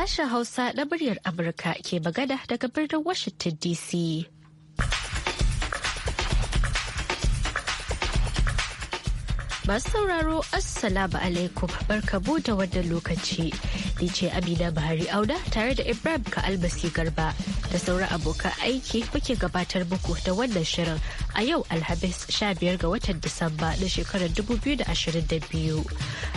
Sashen Hausa na muryar Amurka ke bagada daga birnin Washington DC. Masu sauraro Assalamu alaikum barka da wannan lokaci. ni ce Amina Buhari Auda tare da Ibrahim albasi Garba da sauran abokan aiki kuke gabatar muku da wannan shirin a yau Alhamis 15 ga watan Disamba na shekarar 2022.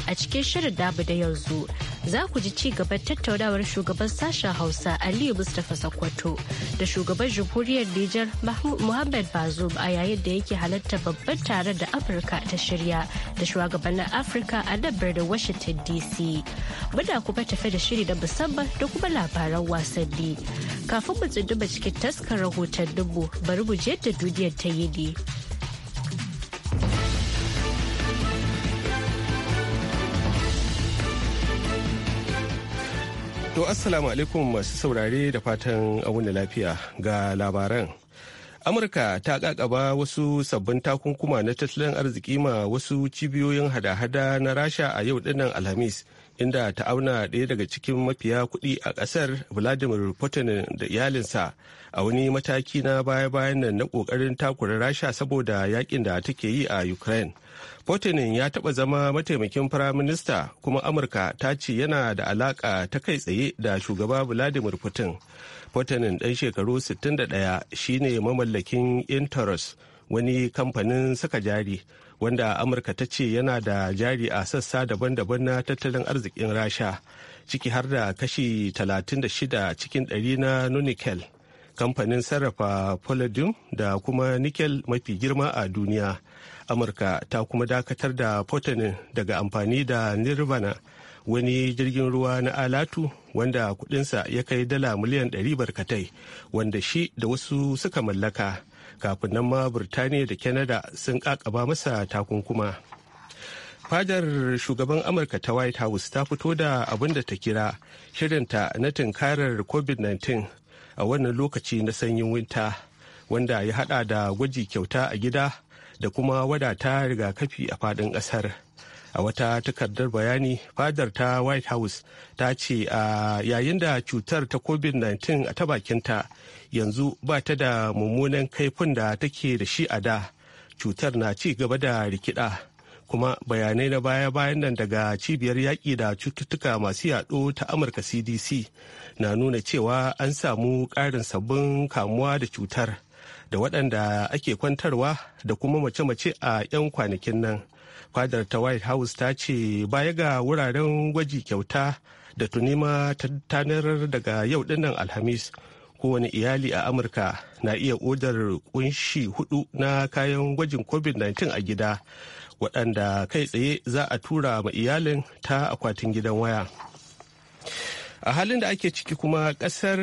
A cikin shirin damu da yanzu za ku ji ci gaban tattaunawar shugaban sashen Hausa Aliyu Mustapha Sokoto da shugaban jamhuriyar Nijar Muhammad Bazoum a yayin da yake halarta babban taron da Afirka ta shirya da shugabannin Afirka a nan birnin Washington DC. Muna kuma tafe da shiri da musamman da kuma labaran wasanni. Kafin mu tsunduma cikin taskar rahotanninmu bari mu je da duniyar ta yi ne. To assalamu alaikum masu saurare da fatan abun da lafiya ga labaran. Amurka ta kakaba wasu sabbin takunkuma na tattalin arziki ma wasu cibiyoyin hada-hada na Rasha a yau dinnan Alhamis inda ta auna ɗaya daga cikin mafiya kuɗi a ƙasar vladimir putin da iyalinsa a wani mataki na baya-bayan nan na ƙoƙarin takura rasha saboda yakin da take yi a ukraine putin ya taɓa zama mataimakin firaminista kuma amurka ta ce yana da alaƙa ta kai tsaye da shugaba vladimir putin putin ɗan shekaru 61 shine mamallakin intaros wani kamfanin saka jari wanda amurka ta ce yana da jari a sassa daban-daban na tattalin arzikin rasha ciki har da kashi 36 cikin 100 na nunikel kamfanin sarrafa palladium da kuma nickel mafi girma a duniya amurka ta kuma dakatar da potanin daga amfani da nirvana wani jirgin ruwa na alatu wanda kudinsa ya kai dala miliyan 100 barkatai wanda shi da wasu suka mallaka kafin nan ma burtaniya da canada sun kakaba masa takunkuma fadar shugaban amurka ta white house ta fito da abin da ta kira shirinta na tunkarar covid-19 a wannan lokaci na sanyin winta wanda ya hada da gwaji kyauta a gida da kuma wadata rigakafi a fadin kasar a wata takardar bayani fadar ta white house ta ce a yayin da cutar ta covid-19 a ta bakinta yanzu ba ta da mummunan kaifin da take da shi a da cutar na ci gaba da rikida kuma bayanai na baya-bayan nan daga cibiyar yaƙi da cututtuka masu yaɗo ta amurka cdc na nuna cewa an samu ƙarin sabbin kamuwa da cutar da waɗanda ake kwantarwa da kuma mace-mace a 'yan kwanakin nan fadar ta white house ta ce baya ga wuraren gwaji kyauta da tunima ta tanar daga yau dinnan alhamis kowane iyali a amurka na iya odar kunshi hudu na kayan gwajin covid-19 a gida waɗanda kai tsaye za a tura ma iyalin ta akwatin gidan waya a halin da ake ciki kuma ƙasar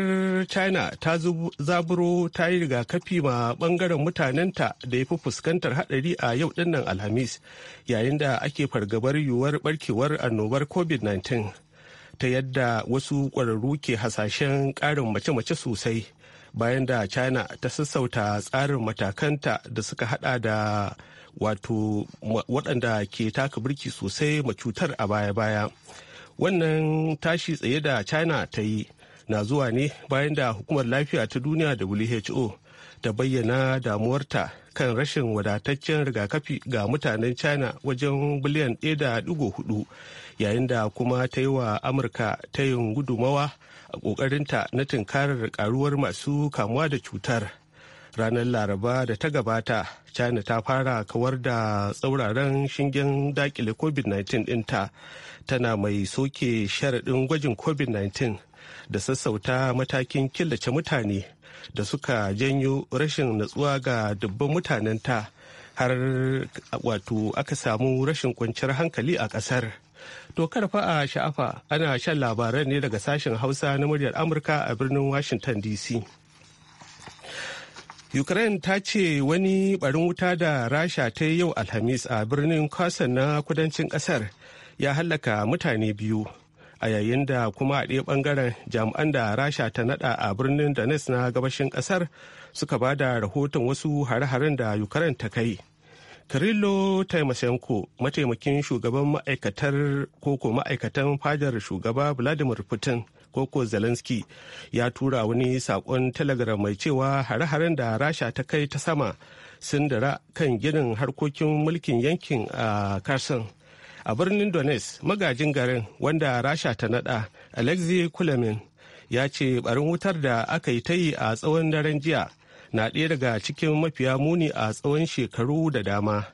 china ta zaburo ta yi rigakafi ma ɓangaren mutanenta da ya fi fuskantar haɗari a yau dinnan alhamis yayin da ake fargabar yiwuwar barkewar annobar covid-19 ta yadda wasu ƙwararru ke hasashen ƙarin mace-mace sosai bayan da china ta sassauta tsarin matakanta da suka hada da wato waɗanda ke taka birki sosai ma cutar a baya-baya wannan tashi tsaye da china ta yi na zuwa ne bayan da hukumar lafiya ta duniya who ta bayyana damuwarta kan rashin wadataccen rigakafi ga mutanen china wajen biliyan 1.4 yayin da kuma ta yi wa amurka ta yin gudumawa a kokarinta na tunkarar karuwar masu kamuwa da cutar ranar laraba da ta gabata china ta fara kawar da tsauraran shingen dakile covid-19 dinta tana mai soke sharaɗin gwajin covid-19 da sassauta matakin killace mutane da suka janyo rashin natsuwa ga dubban mutanenta har wato aka samu rashin kwanciyar hankali a ƙasar. To karfa a sha'afa ana shan labaran ne daga sashen Hausa na muryar Amurka a birnin Washington DC. Ukraine ta ce wani barin wuta da Rasha ta yi yau Alhamis a birnin Kwasan na kudancin kasar ya hallaka mutane biyu. A yayin da kuma a ɗaya ɓangaren jami'an da Rasha ta naɗa a birnin Danes na gabashin ƙasar suka ba da rahoton wasu hare-haren da Ukraine ta kai. Karillo Taimasenko, mataimakin shugaban ma'aikatar koko ma'aikatan fadar shugaba Vladimir Putin koko Zelensky ya tura wani saƙon telegram mai cewa hare-haren da Rasha ta kai ta sama sun dara kan ginin harkokin mulkin yankin a Kherson. A birnin Donetsk, magajin garin wanda Rasha ta nada Alexei kulamin ya ce barin wutar da aka yi ta yi a tsawon daren jiya na ɗaya daga cikin mafiya muni a tsawon shekaru da dama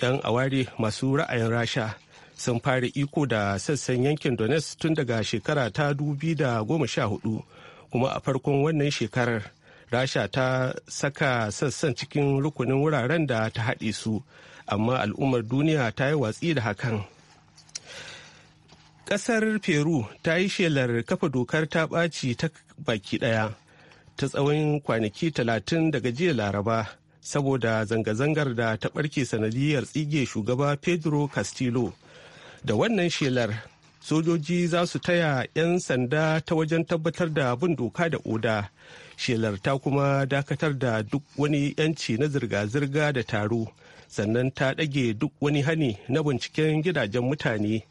'yan aware masu ra'ayin rasha sun fara iko da sassan yankin donetsk tun daga shekara ta goma sha hudu kuma a farkon wannan shekarar rasha ta saka sassan cikin rukunin wuraren da ta haɗe su amma al'ummar duniya ta yi watsi da hakan ƙasar peru ta yi shelar kafa dokar ta ɓaci ta baki ɗaya ta tsawon kwanaki talatin daga jiya laraba saboda zanga-zangar da ta ɓarke sanadiyar tsige shugaba pedro castillo da wannan shelar sojoji za su taya 'yan sanda ta wajen tabbatar da bin doka da oda shelar ta kuma dakatar da duk wani 'yanci na zirga-zirga da taro sannan ta ɗage duk wani hani na binciken gidajen mutane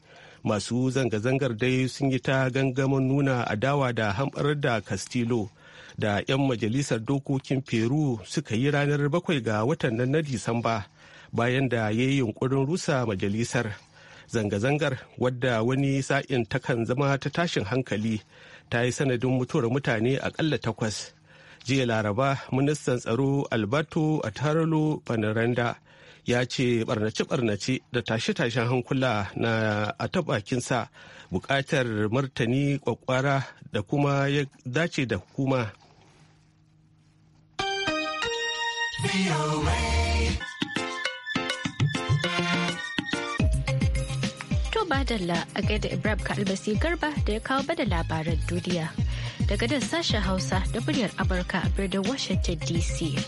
masu zanga-zangar dai sun yi ta gangamin nuna adawa da hamɓar da castillo da 'yan majalisar dokokin peru suka yi ranar bakwai ga watan nan na disamba bayan da ya yi yunkurin rusa majalisar zanga-zangar wadda wani sa'in takan zama ta tashin hankali ta yi sanadin mutuwar mutane akalla takwas jiya laraba ministan tsaro alberto atarolo panaranda ya ce barnace-barnace da tashe-tashen hankula na a tabakinsa bukatar martani kwakwara da kuma ya dace da hukuma To badalla a gaida Ibrahim Kalbasi Garba da ya kawo ba da labaran duniya daga da sashen Hausa da muryar Amurka a birnin Washington DC.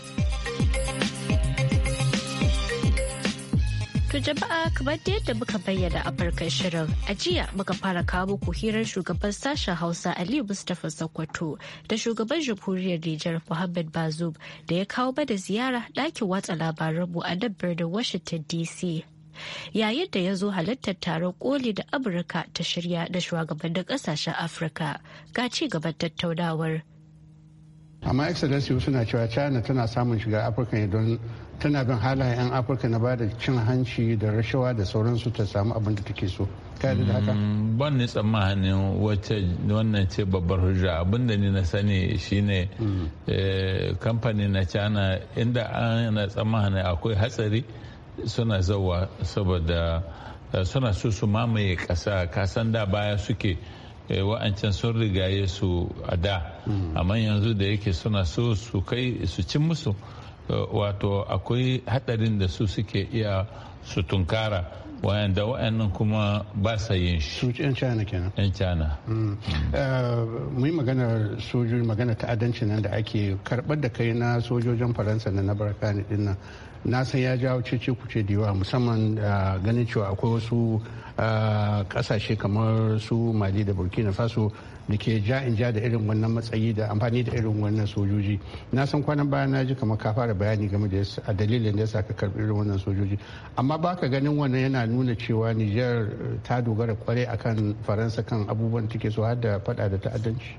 To jama'a kamar da yadda muka bayyana a farkon shirin a jiya muka fara kawo muku hirar shugaban sashen Hausa Aliyu Mustapha sakwato da shugaban jamhuriyar Nijar Muhammad Bazoum da ya kawo bada ziyara ɗakin watsa labaranmu a nan birnin Washington DC yayin da ya zo halartar taron koli da amurka ta shirya da shugabannin kasashen afirka ga ci gaban tattaunawar amma excellency suna cewa china tana samun shiga afirka ne don tana bin halayen 'yan afirka na bada cin hanci da rashawa da sauransu ta samu abin da take so kayar da haka mm, ban ni tsammanin wacce wannan ce babbar hujja abinda da ni na sani shine mm. eh, kamfani na china inda ana tsammanin akwai hatsari suna zawa saboda eh, suna su su mamaye kasa kasan da baya suke Eh, wa'ancan sun rigaye su a da hmm. amma yanzu da yake suna so su kai su cin musu eh, wato akwai hadarin da su suke iya su tunkara wayanda wayannan kuma ba sa yin shi su yan china kenan yan china mm. mm. eh, mu yi maganar sojoji magana ta'addanci nan da ake karbar da kai na sojojin faransa na barkani din nan na san ya jawo cece kuce da yawa musamman eh, ganin cewa akwai wasu kasashe eh, kamar su mali da burkina faso da ke ja in ja da irin wannan matsayi da amfani da irin wannan sojoji na san kwanan baya na ji kamar ka fara bayani game da a dalilin da yasa ka karbi irin wannan sojoji amma baka ganin wannan yana nuna cewa Niger eh, ta dogara kwarai akan Faransa kan abubuwan take so har da fada da ta'addanci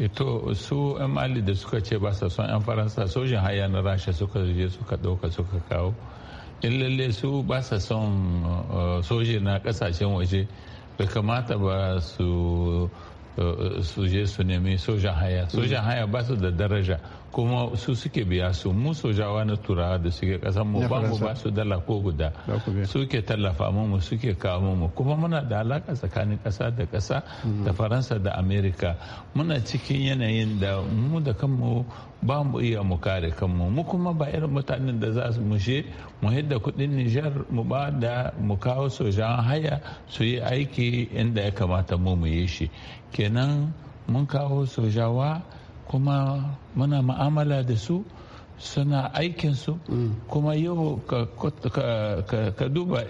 eh, to su 'yan mali da suka ce ba sa son 'yan faransa sojin haya na rasha suka je suka ɗauka suka kawo in lalle su ba sa son eh, soji na kasashen waje bai kamata ba su Eh, eh, su je su nemi sojan haya sojan haya ba su da daraja kuma su suke biya su mu sojawa na turawa da suke kasan mu ba mu ba su dala ko guda suke tallafa mu suke kawo mu kuma muna da alaka tsakanin kasa da kasa da mm-hmm. faransa da amerika muna cikin yanayin da mu da kanmu ba mu iya mu kare kanmu mu kuma ba irin mutanen da za su mushe mu hidda kudin nijar mu ba da mu kawo sojan haya su yi aiki inda ya kamata mu mu yi shi kenan mun kawo sojawa kuma muna ma'amala da su suna su mm. kuma yau ka duba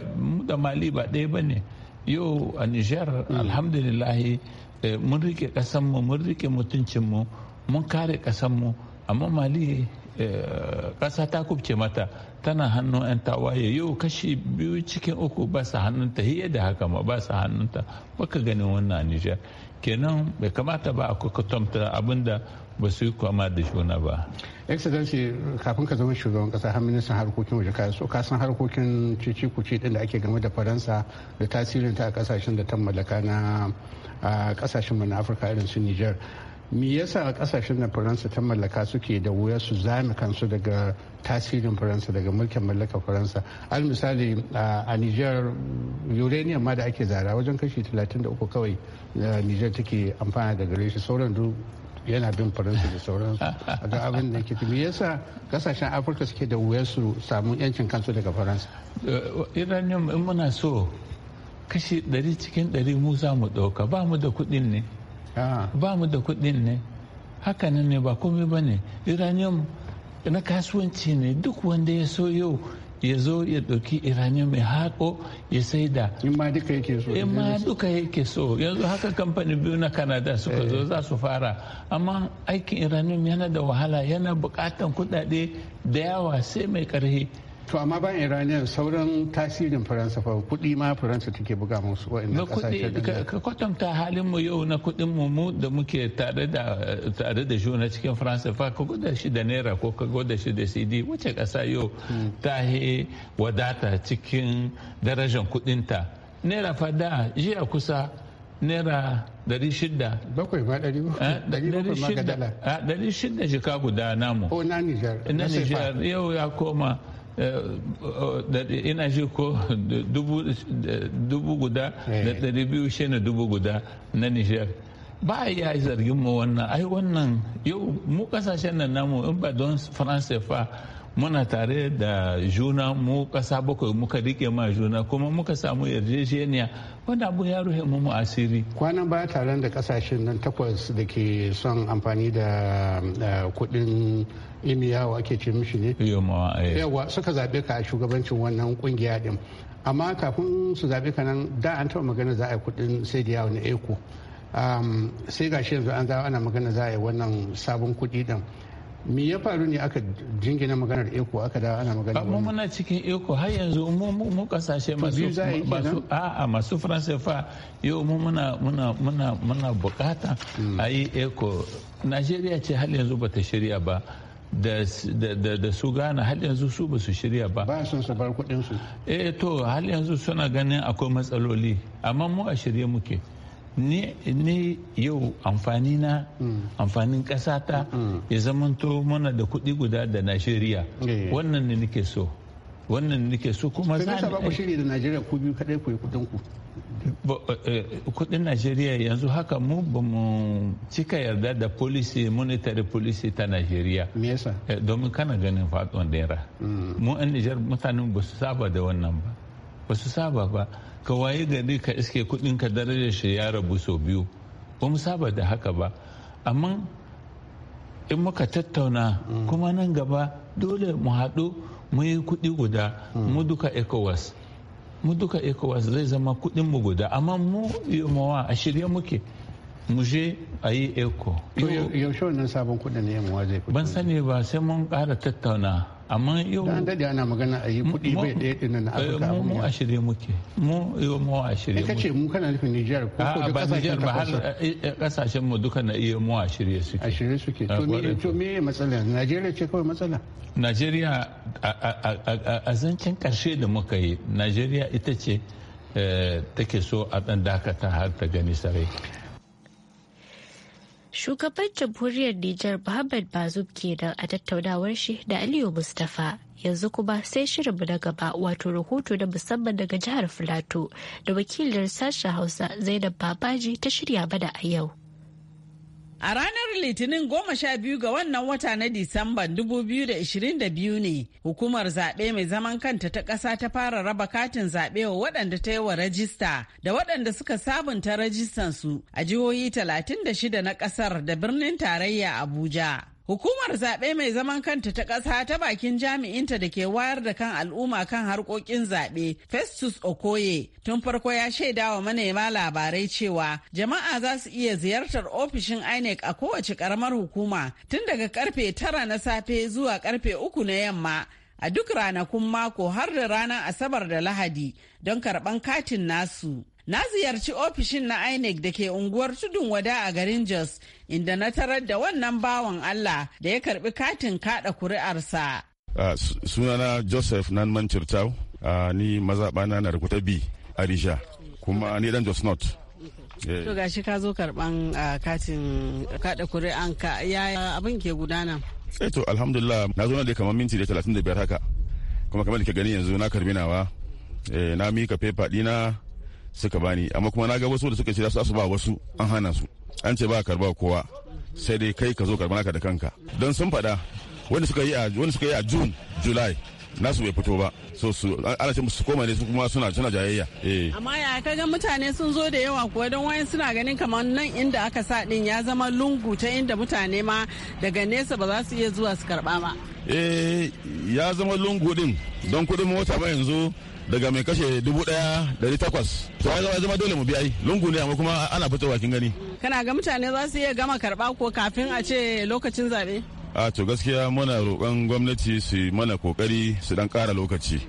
da mali ba ɗaya ba ne yau a nijar mm. alhamdulillahi eh, mun rike ƙasanmu mun rike mutuncinmu mun kare ƙasanmu amma mali eh, ƙasa ta kubce mata tana hannun 'yan tawaye yau kashi biyu cikin uku ba su hannunta hiye da haka ma ba su hannunta baka ganin wannan nijar kenan bai kamata ba a kwakwatanta abinda ba su yi kwama da shona ba. excellency kafin ka zama shugaban kasa har ministan harkokin waje ka so kasan harkokin cici kuci din da ake game da faransa da tasirin ta a kasashen da ta mallaka na kasashen mu afirka irin su niger me yasa a kasashen da faransa ta mallaka suke da wuya su zame kansu daga tasirin faransa daga mulkin mallaka faransa al misali a niger uranium ma da ake zara wajen kashi 33 kawai eh, niger take amfana da gare shi sauran duk yana bin faransa da sauransu a abin da ke tumi yasa kasashen afirka suke da wuyar su samu yancin kansu daga faransa eh, iranium in muna so kashi ɗari cikin ɗari mu za mu ɗauka ba mu da kuɗin ne ah. ba mu da kuɗin ne haka ne ba komai ba ne iranium na kasuwanci ne duk wanda ya so yau ya zo ya ɗauki iranium mai haƙo ya sai da in ma duka yake so yanzu haka kamfani biyu na canada suka zo eh. za su fara amma aikin iranium yana da wahala yana buƙatan kuɗaɗe da yawa sai mai ƙarfi to amma ban iranian sauran tasirin faransa fa kudi ma faransa take buga musu wa'annan kasashen ka kwatanta halin mu yau na kudin mu mu da muke tare da tare da juna cikin faransa fa ka gwada shi da naira ko ka gwada shi da cd wace ƙasa yau hmm. ta wadata cikin darajar kudin ta naira fa da jiya kusa naira dari shida. Bakwai ma dari bakwai eh, ma dala. Dari eh, shida jika guda namu. ko oh, na Nijar. Na Nijar yau ya koma Eh, ina shi ko dubu guda da eh. ɗari biyu shi ne dubu guda na nijar ba a yi zargin mu wannan ai wannan yau mu kasashen nan namu in ba don faransa fa muna tare da juna mu ƙasa bakwai muka rike ma juna kuma muka samu yarjejeniya wanda abu ya ruhe mu asiri kwanan baya taron da kasashen nan takwas da ke son amfani da kuɗin imiyawa ake ce mishi ne eh. yawa suka zaɓe ka shugabancin wannan kungiya din amma kafin su zaɓe ka nan da an taɓa magana za a yi kuɗin sai da yawa na eko sai gashi yanzu an zawo magana za a wannan sabon kuɗi din me ya faru ne aka jingina maganar eko aka da ana magana ba muna cikin eko har yanzu mu kasashe masu masu a masu faransa fa yau mu muna muna muna muna bukata hmm. a yi eko najeriya ce har yanzu bata shirya ba da su gana har yanzu su ba su shirya ba ba sun su bar kudin su eh to har yanzu suna ganin akwai matsaloli amma mu a shirye muke ne yau amfani na mm. amfanin ƙasa ta mm. ya zamanto mana da kuɗi guda da najeriya eh. wannan ne nake so wannan nake so kuma za ni ba shirya da najeriya ku biyu kadai ku yi kudin ku kudin najeriya yanzu haka mu ba mu cika yarda da policy monetary policy ta najeriya me yasa eh, domin kana ganin faɗuwan naira mm. mu yan nijar mutanen ba su saba da wannan ba ba su saba ba ka waye gari ka iske kudin ka darajar shi ya rabu sau biyu ba mu saba da haka ba amma in muka tattauna mm. kuma nan gaba dole mu haɗu mu yi kuɗi guda mm. mu duka ecowas mu duka ecowas zai zama kuɗin mu guda amma mu yi mawa a shirye muke mu je a yi eco yaushe wannan sabon kuɗin ne yamuwa zai ban sani ba sai mun ƙara tattauna amma yau da dade ana magana a yi kudi bai ɗaya ɗin na afirka mu mu ashirye muke mu yau mu ashirye muke kace mu kana nufin Nijar ko ko ba Nijar ba har kasashen eh, eh, mu duka na iya mu ashirye suke ashirye suke to me to me matsala Najeriya ce kawai matsala Najeriya a zancen karshe da muka yi Najeriya ita ce eh, take so a dan dakata har ta gani sarai Shugaban jamhuriyar Nijar Muhammad Bazoum kenan a tattaunawar shi da Aliyu Mustapha. Yanzu kuma sai shirinmu na gaba wato rahoto na musamman daga jihar Filato da wakilin sashen Hausa Zainab Babaji ta shirya bada a yau. A ranar Litinin goma sha biyu ga wannan wata na Disamban 2022 ne hukumar zaɓe mai zaman kanta ta ƙasa ta fara raba katin zaɓe wa waɗanda ta yi wa rajista da waɗanda suka sabunta rajistan a jihohi 36 na ƙasar da birnin tarayya Abuja. Hukumar zaɓe mai zaman kanta ta ƙasa ta bakin jami'inta da ke wayar da kan al'umma kan harkokin zaɓe Festus Okoye tun farko ya shaida wa manema labarai cewa jama'a za su iya ziyartar ofishin INEC a kowace ƙaramar hukuma tun daga karfe tara na safe zuwa karfe uku na yamma a duk ranakun mako har da ranar Asabar da Lahadi don karɓan katin nasu. Na ziyarci ofishin na INEC da ke unguwar tudun wada a garin Jos, inda na tarar da wannan bawan Allah da ya karbi katin kada kuri'arsa. Ah, sunana Joseph nan Mancirtau, ah, ni mazaɓana na rubuta B, Arisha, kuma ni dan Jos North. Eh. To gashi ka zo karɓan ah, katin kada kuri'anka ya abin ke gudana. Sai eh, to alhamdulillah na zo na dai kamar minti da 35 haka. Kuma kamar da ke gani yanzu na karbi nawa. Eh, na mika pepa dina suka bani amma kuma na ga wasu da suka ce za su ba wasu an hana su an ce ba karba kowa sai dai kai ka zo karba naka da kanka don sun faɗa wanda suka yi a wanda suka yi a June July nasu bai fito ba so su ana ce musu koma ne su kuma suna suna jayayya eh amma ya ga mutane sun zo da yawa kuwa don wayan suna ganin kamar nan inda aka sa din ya zama lungu ta inda mutane ma daga nesa ba za su iya zuwa su karba ba eh ya zama lungu din don kudin mota ba yanzu daga mai kashe dubu daya dari takwas to ya zama dole mu biya lungu ne amma kuma ana fito kin gani kana ga mutane za su iya gama karɓa ko kafin a ce lokacin zaɓe a to gaskiya muna roƙon gwamnati su mana kokari su dan ƙara lokaci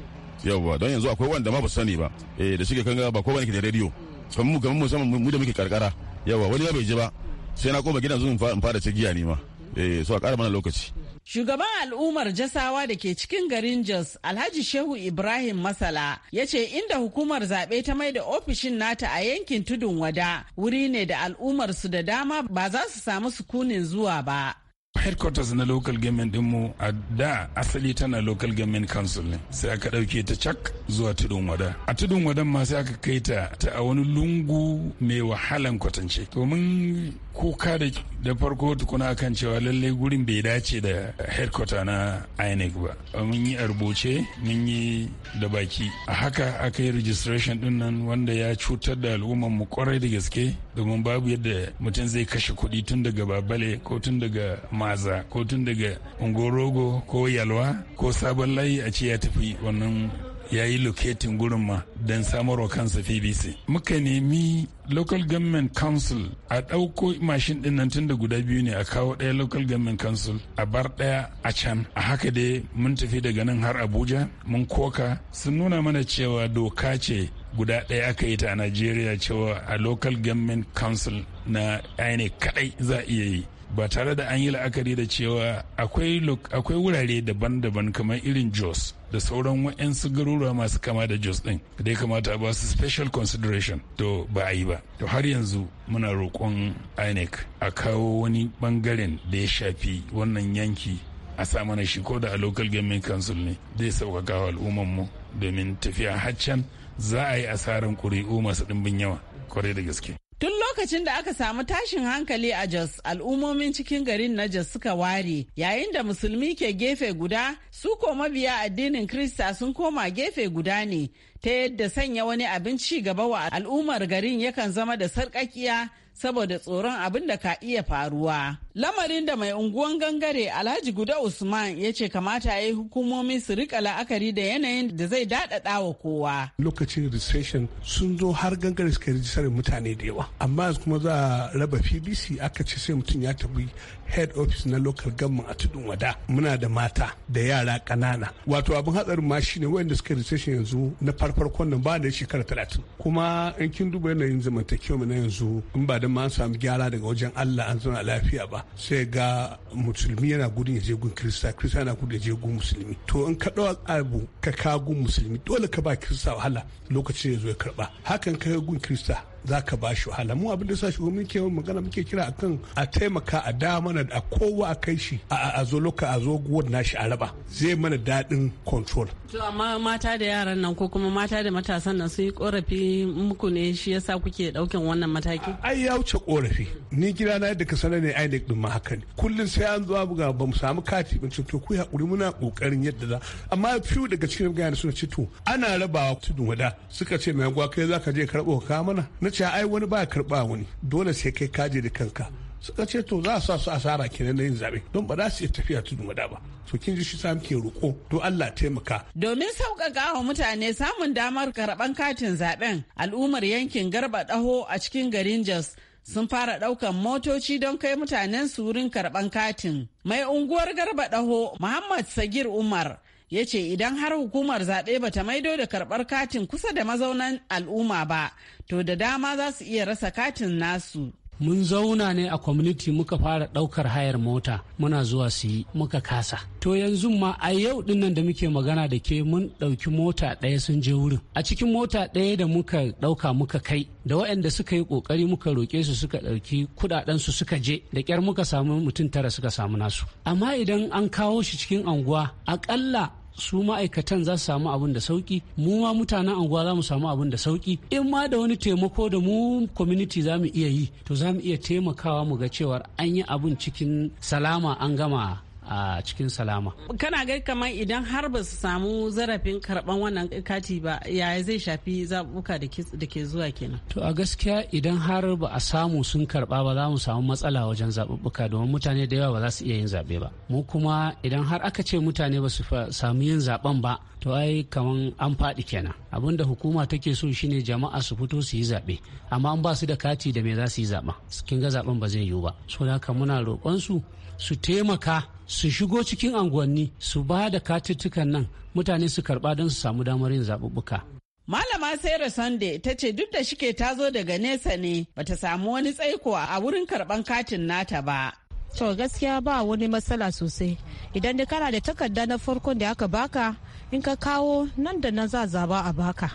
yawwa don yanzu akwai wanda ma ba sani ba eh da kan kanga ba kowa ne ke da rediyo kan mu mu musamman mu da muke karkara yawwa wani ba bai ji ba sai na koma gidan zuwa in fara cigiya ne ma eh so a ƙara mana lokaci Shugaban al'ummar jasawa da ke cikin garin Jos, Alhaji Shehu Ibrahim Masala, ya ce inda hukumar zaɓe ta mai da ofishin nata a yankin tudun wada wuri ne da al'ummar da dama ba za su samu sukunin zuwa ba. headquarters na local government mu a da asali tana local government council ne sai aka ɗauke ta cak zuwa tudun wada a tudun wadan ma sai aka kai ta ta a wani lungu mai wahalan kwatance domin kuka da farko tukuna kan cewa lallai gurin bai dace da headquarter na inec ba mun yi arboce mun yi da baki a haka aka yi registration din nan wanda ya cutar da al'umman mu kwarai da gaske domin babu yadda mutum zai kashe kuɗi tun daga babale ko tun daga maza ko tun daga ungorogo ko yalwa ko sabon layi a ce ya tafi wannan ya yi loketin gurin ma don samarwa kansa pbc muka nemi local government council a ɗauko mashin ɗin nan tun da guda biyu ne a kawo ɗaya local government council a bar ɗaya a can a haka dai mun tafi daga nan har abuja mun koka sun nuna mana cewa doka ce guda ɗaya aka yi ta a najeriya cewa a local government council na INEC kadai za a iya yi ba tare da an yi la'akari da cewa akwai wurare daban-daban kamar irin jos da sauran wa'yansu garuruwa masu kama da jos ɗin da ya kamata ba su special consideration to ba a yi ba to har yanzu muna roƙon inec a kawo wani bangaren da ya shafi wannan yanki a sa mana shi ko da a local government council ne zai sauƙaƙa wa mu domin tafiya haccan za a yi asarar ƙuri'u masu ɗimbin yawa kwarai da gaske. Tun lokacin da aka samu tashin hankali a Jos, al'ummomin cikin garin na Jos suka ware, yayin da musulmi ke gefe guda, su ko mabiya addinin Krista sun koma gefe guda ne, ta yadda sanya wani abin ci gaba wa al'ummar garin yakan zama da sarƙaƙiya saboda tsoron abin da ka iya faruwa. Lamarin da mai unguwan gangare Alhaji Guda Usman ya ce kamata ya yi hukumomi su rika la'akari da yanayin da zai daɗaɗa wa kowa. Lokacin registration sun zo har gangare suka rijistar mutane da yawa. Amma mars kuma za a raba pbc aka ce sai mutum ya tafi head office na local government a tudun wada muna da mata da yara kanana wato abin hatsarin ma shine wayanda suka recession yanzu na farfarkon nan ba da shekara talatin kuma in kin duba yanayin zamantakewa na yanzu in ba da ma an samu gyara daga wajen allah an zauna lafiya ba sai ga musulmi yana gudun ya je gun kirista kirista yana gudun ya je gun musulmi to in ka ɗawa abu ka gun musulmi dole ka ba kirista wahala lokacin ya zo ya karba hakan ka gun kirista za ka ba shi wahala mu abin da sa shugaban muke magana muke kira akan a taimaka a da mana a kowa a kai shi a zo loka a zo guwar nashi a raba zai mana daɗin control. to amma mata da yaran nan ko kuma mata da matasan nan sun yi korafi muku ne shi yasa kuke ɗaukan wannan mataki. ai ya wuce korafi ni gida na yadda ka sanar ne INEC din ma haka ne kullum sai an zo buga ba mu samu kati mun to ku hakuri muna kokarin yadda za amma fiyu daga cikin da suna ce to ana rabawa tudun wada suka ce mai gwa kai zaka je karɓo ka mana na ce ai wani ba karba wani dole sai kai kaje da kanka suka ce to za su su asara kenan na yin zaɓe don ba za su iya tafiya tudun da ba to kin ji shi sa muke roƙo to Allah taimaka domin sauƙaƙa wa mutane samun damar karɓan katin zaɓen al'ummar yankin garba daho a cikin garin Jos sun fara ɗaukan motoci don kai mutanen su wurin karɓan katin mai unguwar garba daho Muhammad Sagir Umar ya ce idan har hukumar zaɓe ba ta maido da karɓar katin kusa da mazaunan al'umma ba to da dama za su iya rasa katin nasu. mun zauna ne a community muka fara ɗaukar hayar mota muna zuwa su yi muka kasa to yanzu ma a yau dinnan da muke magana da ke mun ɗauki mota ɗaya sun je wurin a cikin mota ɗaya da muka ɗauka muka kai da waɗanda suka yi ƙoƙari muka roƙe su suka ɗauki kuɗaɗensu suka je da ƙyar muka samu mutum tara suka samu nasu amma idan an kawo shi cikin anguwa aƙalla su ma'aikatan za su samu abin da sauki mu ma mutanen anguwa za mu samu abin da sauki in ma da wani taimako da mu community za mu iya yi to za mu iya taimakawa mu ga cewar an yi abin cikin salama an gama a cikin salama. Kana gai kamar idan har ba su samu zarafin karban wannan kati ba yaya zai shafi zabuka da ke zuwa kenan. To a gaskiya idan har ba a samu sun karba ba za mu samu matsala wajen zaɓuɓɓuka domin mutane da yawa ba za su iya yin zaɓe ba. Mu kuma idan har aka ce mutane ba su samu yin zaɓen ba to ai kaman an faɗi kenan. Abin da hukuma take so shine jama'a su fito su yi zaɓe amma an ba su da kati da me za su yi zaɓen. Kin ga zaɓen ba zai yiwu ba. So da muna roƙon su su taimaka su shigo cikin unguwanni su ba da katuttukan nan mutane su karba don su samu damar yin zaɓuɓɓuka. Malama Sarah Sunday ta ce duk da shike ta zo daga nesa ne bata samu wani tsaiko a wurin karban katin nata ba. To gaskiya ba wani matsala sosai idan da kana da takarda na farkon da aka baka in ka kawo nan da nan za zaba a baka.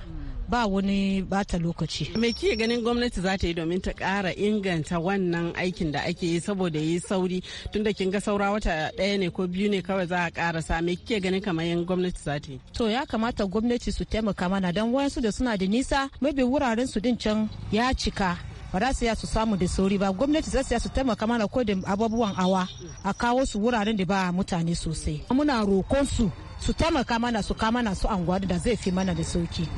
ba wani bata lokaci. Me kike ganin gwamnati za ta yi domin ta kara inganta wannan aikin da ake yi saboda yi sauri tunda kin ga saura wata ɗaya ne ko biyu ne kawai za a ƙara sa me kike ganin kamar yin gwamnati za ta yi? To ya kamata gwamnati su taimaka mana don wayansu da suna da nisa mabi wuraren su din can ya cika ba za su ya su samu da sauri ba gwamnati za su ya su taimaka mana ko da abubuwan awa a kawo su wuraren da ba mutane sosai muna rokon su su taimaka mana su kama na su anguwa da zai fi mana da sauki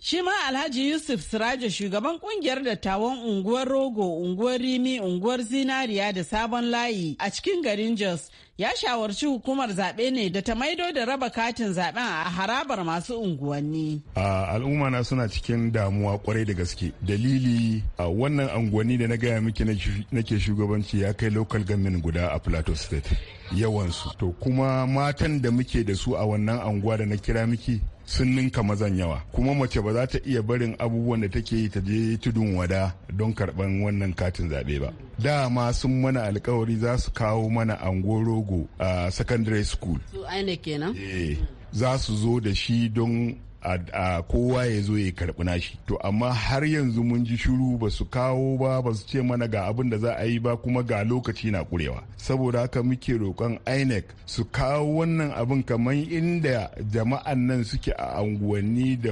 Shi ma Alhaji Yusuf Siraja shugaban kungiyar dattawan unguwar Rogo, unguwar Rimi, unguwar Zinariya da Sabon Layi a cikin garin Jos ya shawarci hukumar zaɓe ne da ta maido da raba katin zaɓen a harabar masu unguwanni. A al'umma na suna cikin damuwa kwarai da gaske. Dalili a wannan unguwanni da na gaya miki nake shugabanci ya kai local government guda a Plateau State. Yawansu. To kuma matan da muke da su a wannan unguwa da na kira miki sun ninka mazan yawa kuma mace ba za ta iya barin abubuwan da take yi ta je tudun wada don karban wannan katin zaɓe ba dama sun mana alkawari za su kawo mana angorogo a ah, secondary school su kenan eh, za su zo da shi don a kowa ya zo ya karɓi nashi to amma har yanzu mun ji shiru ba su kawo ba ba su ce mana ga abin da za a yi ba kuma ga lokaci na kurewa saboda haka muke roƙon inec su kawo wannan abin kamar inda jama'an nan suke a anguwanni da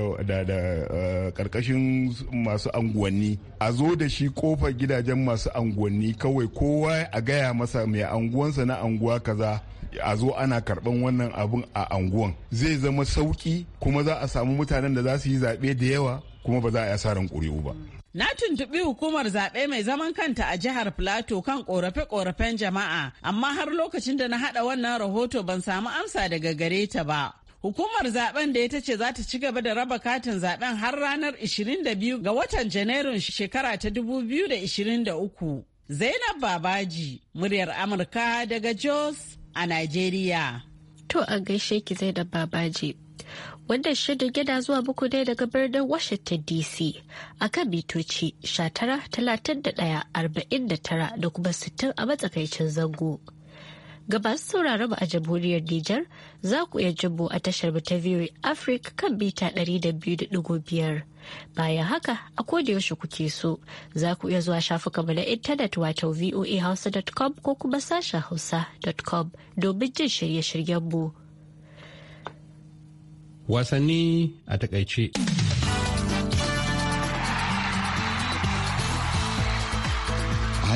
ƙarƙashin masu anguwanni a zo da shi kofar gidajen masu anguwanni kawai kowa a gaya masa mai anguwansa na anguwa kaza a zo ana karban wannan abun a anguwan zai zama sauki kuma za a samu mutanen da za su yi zaɓe da yawa kuma ba za a yi asarar ƙuri'u ba Na tuntuɓi hukumar zaɓe mai zaman kanta a jihar Plateau kan ƙorafe-ƙorafen jama'a, amma har lokacin da na haɗa wannan rahoto ban samu amsa daga gare ta ba. Hukumar zaben da ita ce za ta ci gaba da raba katin zaben har ranar 22 ga watan Janairun shekara ta 2023. Zainab Babaji, muryar Amurka daga Jos a Najeriya. To a gaishe ki zai da babaji. Wanda shirin gida zuwa buku dai daga birnin Washington DC a kan mitoci talatin da kuma 60 a matsakaicin zango. Gabas saurara sauraro a jamhuriyar Nijar za ku iya jimbo a tashar ta VOA Africa kan bita 200.5. Bayan haka a yaushe kuke so za ku iya zuwa shafukanmu na intanet wato voahausa.com ko kuma sashen hausa.com domin jin shirye-shiryenmu. Wasanni a takaice.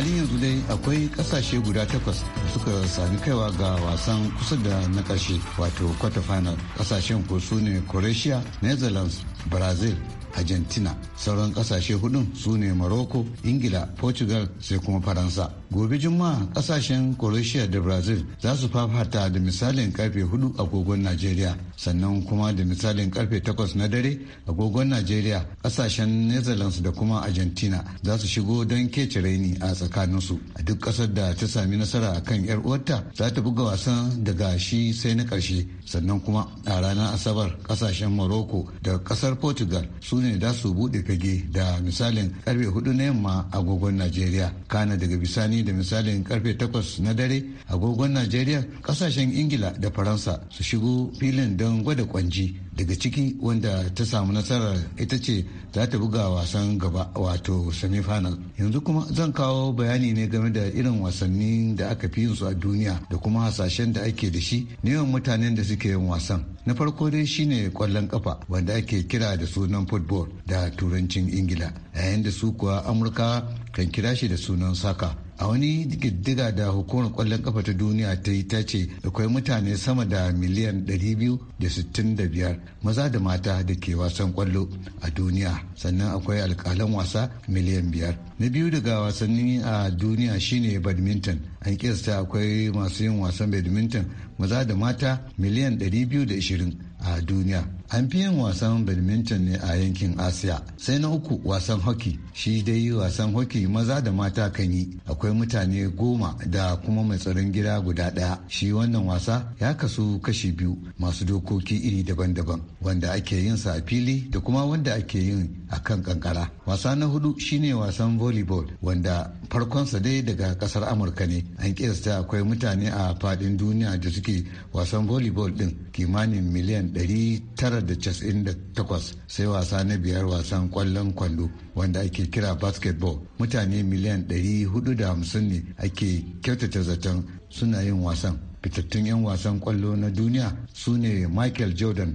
halin yanzu dai akwai kasashe guda takwas da suka sami kaiwa ga wasan kusa da na ƙarshe wato quarter final kasashen ko su ne croatia netherlands brazil argentina sauran kasashe hudun su ne morocco ingila portugal sai kuma faransa gobe juma'a kasashen croatia da brazil za su fafata da misalin karfe 4 agogon nigeria sannan kuma da misalin karfe 8 na dare agogon nigeria kasashen netherlands da kuma argentina za su shigo don kece raini a tsakaninsu a duk kasar da ta sami nasara a kan yar uwarta za ta buga wasan daga shi sai na karshe sannan kuma a ranar asabar kasashen morocco da kasar portugal su ne za su buɗe fage da misalin karfe 4 na yamma agogon nigeria kana daga bisani ne da misalin karfe takwas na dare agogon najeriya kasashen ingila da faransa su shigo filin don gwada kwanji daga ciki wanda ta samu nasarar ita ce za ta buga wasan gaba wato semifinal yanzu kuma zan kawo bayani ne game da irin wasannin da aka fi yin su a duniya da kuma hasashen da ake da shi neman mutanen da suke yin wasan na farko dai shine kwallon kafa wanda ake kira da sunan football da turancin ingila yayin da su kuwa amurka kan kira shi da sunan saka a wani diddiga da hukumar kwallon kafa ta duniya ta yi ta ce akwai mutane sama da miliyan 265 maza da mata da ke wasan kwallo a duniya sannan akwai alkalan wasa miliyan biyar na biyu daga wasanni a duniya shine badminton an kirsta akwai masu yin wasan badminton maza da mata miliyan 220 a duniya an fi yin wasan badminton ne a yankin asiya sai na uku wasan hockey shi dai wasan hockey maza da mata kan yi akwai mutane goma da kuma mai tsaron gida guda ɗaya shi wannan wasa ya kasu kashi biyu masu dokoki iri daban-daban wanda ake yin sa a fili da kuma wanda ake yin a kan kankara wasa na hudu shine wasan volleyball wanda farkonsa dai daga kasar amurka ne an kiyasta akwai mutane a fadin duniya da suke wasan volleyball din kimanin miliyan 998 sai wasa na biyar wasan kwallon kwando wanda ake kira basketball mutane miliyan 450 ne ake kyautata zaton suna yin wasan fitattun 'yan wasan kwallo na duniya su ne michael jordan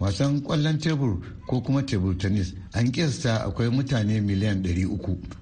wasan kwallon tebur ko kuma tebur tennis an kiyasta akwai mutane miliyan 300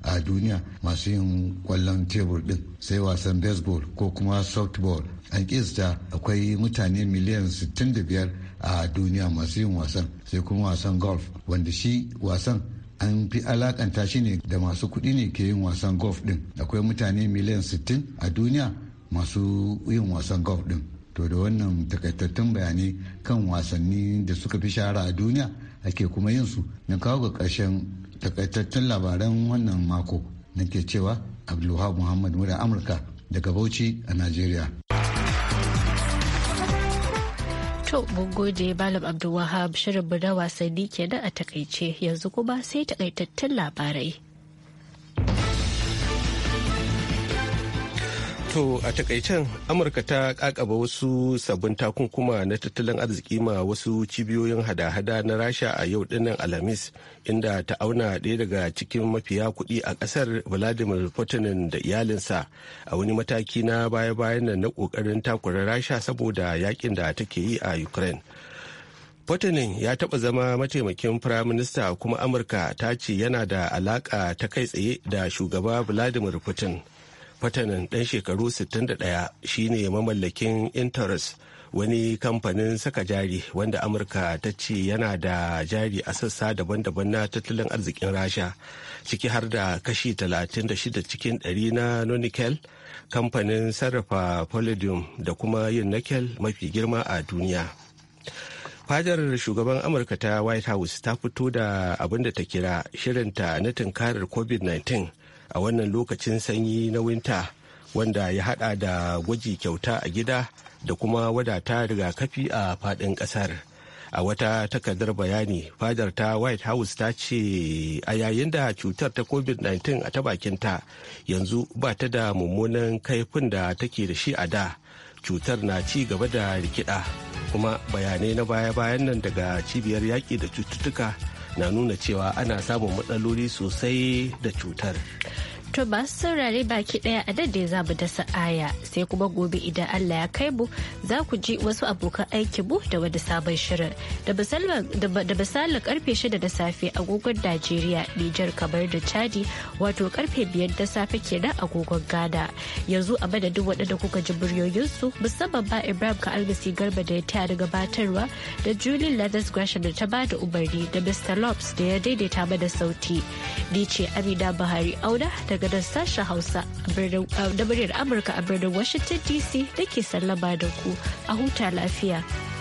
a duniya masu yin kwallon tebur din sai wasan baseball ko kuma softball an kiyasta akwai mutane miliyan 65 a duniya masu yin wasan sai kuma wasan golf wanda shi wasan an fi alakanta shi ne da masu kuɗi ne ke yin wasan golf din akwai mutane miliyan 60 a duniya masu yin wasan golf din to da wannan takaitattun bayanai kan wasanni da suka fi shahara a duniya ake kuma yin su na kawo ga karshen takaitattun labaran wannan mako ke cewa abdulwahab muhammad muda amurka daga bauchi a najeriya To mun gode Malam Abdulwahab shirin mu na wasanni kenan a takaice yanzu kuma sai takaitattun labarai. To a takaicen Amurka ta kakaba wasu sabbin takunkuma na tattalin arziki ma wasu cibiyoyin hada-hada na Rasha a yau dinnan Alhamis inda ta auna ɗaya daga cikin mafiya kuɗi a ƙasar Vladimir Putin da iyalinsa a wani mataki na baya-bayan nan na ƙoƙarin takura Rasha saboda yakin da take yi a Ukraine. Putin ya taɓa zama mataimakin firaminista kuma Amurka ta ce yana da alaƙa ta kai tsaye da shugaba Vladimir Putin. fatanan ɗan shekaru 61 shine mamallakin interest wani kamfanin saka jari wanda amurka ta ce yana da jari a sassa daban-daban na tattalin arzikin rasha ciki har da kashi 36 cikin 100 na nonikel kamfanin sarrafa palladium da kuma yin nakel mafi girma a duniya fadar shugaban amurka ta white house ta fito da abinda ta kira shirinta na tunkarar covid-19 a wannan lokacin sanyi na winta wanda ya hada da gwaji kyauta a gida da kuma wadata rigakafi a fadin kasar a wata takardar bayani fadar ta white house ta ce a yayin da cutar ta covid-19 a ta bakinta yanzu ba ta da mummunan kaifin da take da shi a da cutar na ci gaba da rikida kuma bayanai na baya-bayan nan daga cibiyar yaƙi da cututtuka na nuna cewa ana samun matsaloli sosai da cutar To ba su saurare baki daya a dade za bu dasa aya sai kuma gobe idan Allah ya kai bu za ku ji wasu abokan aiki mu da wani sabon shirin. Da misalin karfe shida da safe agogon Najeriya Nijar kamar da Chadi wato karfe biyar da safe ke kenan agogon Ghana. Yanzu a madadin waɗanda kuka ji buryoyinsu musamman ba Ibrahim ka albasi garba da ya taya da gabatarwa da Julie Lathers Gresham da ta bada umarni da Mr. Lopes da ya daidaita mana sauti. Ni ce Amina Buhari auna da. daga sashen Hausa a muryar Amurka a birnin Washington DC da ke sallaba da ku a huta lafiya.